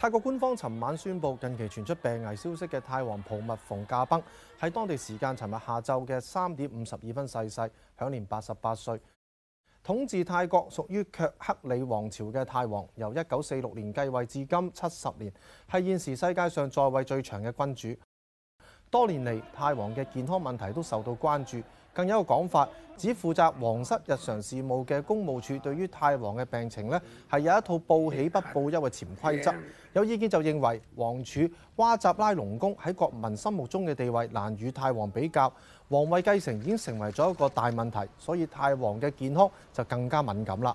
泰國官方尋晚宣布，近期傳出病危消息嘅泰王普密蓬駕崩，喺當地時間尋日下晝嘅三點五十二分逝世，享年八十八歲。統治泰國屬於卻克里王朝嘅泰王，由一九四六年繼位至今七十年，係現時世界上在位最長嘅君主。多年嚟，泰王嘅健康問題都受到關注。更有一個講法，只負責皇室日常事務嘅公務處對於泰王嘅病情呢，係有一套報喜不報憂嘅潛規則。有意見就認為，皇儲瓜扎拉隆宮喺國民心目中嘅地位難與泰王比較，皇位繼承已經成為咗一個大問題，所以泰王嘅健康就更加敏感啦。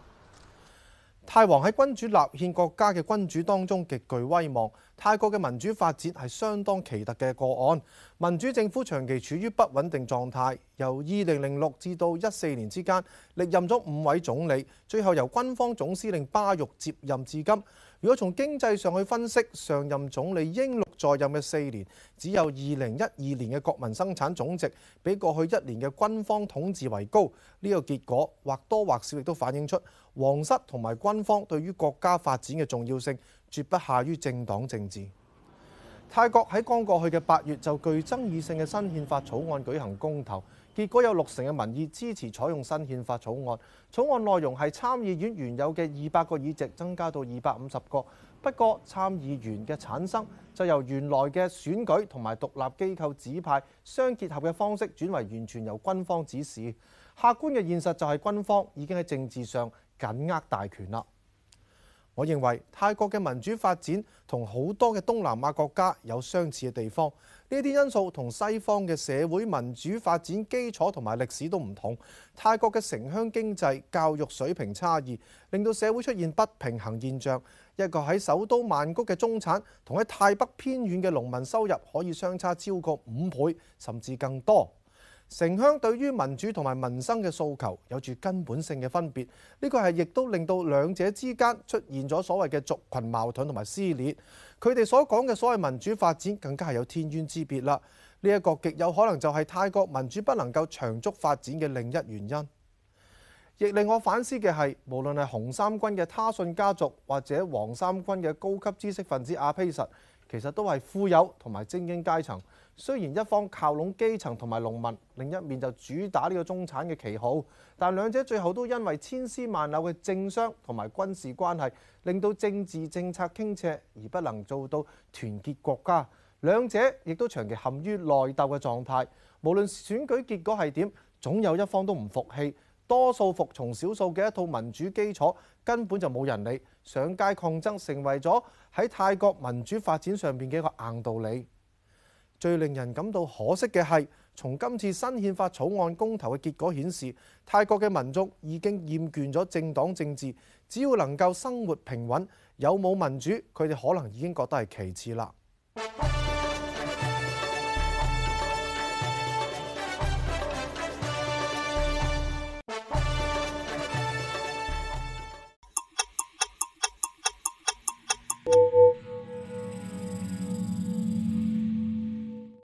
泰王喺君主立憲國家嘅君主當中極具威望。泰國嘅民主發展係相當奇特嘅個案，民主政府長期處於不穩定狀態。由二零零六至到一四年之間，歷任咗五位總理，最後由軍方總司令巴育接任至今。如果從經濟上去分析，上任總理英六在任嘅四年，只有二零一二年嘅國民生產總值比過去一年嘅軍方統治為高。呢、這個結果或多或少亦都反映出皇室同埋軍方對於國家發展嘅重要性。絕不下於政黨政治。泰國喺剛過去嘅八月就具爭議性嘅新憲法草案舉行公投，結果有六成嘅民意支持採用新憲法草案。草案內容係參議院原有嘅二百個議席增加到二百五十個，不過參議員嘅產生就由原來嘅選舉同埋獨立機構指派相結合嘅方式轉為完全由軍方指示。客觀嘅現實就係軍方已經喺政治上緊握大權啦。我認為泰國嘅民主發展同好多嘅東南亞國家有相似嘅地方，呢啲因素同西方嘅社會民主發展基礎同埋歷史都唔同。泰國嘅城鄉經濟、教育水平差異，令到社會出現不平衡現象。一個喺首都曼谷嘅中產，同喺泰北偏遠嘅農民收入可以相差超過五倍，甚至更多。城鄉對於民主同埋民生嘅訴求有住根本性嘅分別，呢個係亦都令到兩者之間出現咗所謂嘅族群矛盾同埋撕裂。佢哋所講嘅所謂民主發展更加係有天淵之別啦。呢一個極有可能就係泰國民主不能夠長足發展嘅另一原因。亦令我反思嘅係，無論係紅衫軍嘅他信家族或者黃衫軍嘅高級知識分子阿披實。其實都係富有同埋精英階層，雖然一方靠攏基層同埋農民，另一面就主打呢個中產嘅旗號，但兩者最後都因為千絲萬縷嘅政商同埋軍事關係，令到政治政策傾斜，而不能做到團結國家。兩者亦都長期陷於內鬥嘅狀態，無論選舉結果係點，總有一方都唔服氣。多數服從少數嘅一套民主基礎根本就冇人理，上街抗爭成為咗喺泰國民主發展上邊嘅一個硬道理。最令人感到可惜嘅係，從今次新憲法草案公投嘅結果顯示，泰國嘅民眾已經厭倦咗政黨政治，只要能夠生活平穩，有冇民主，佢哋可能已經覺得係其次啦。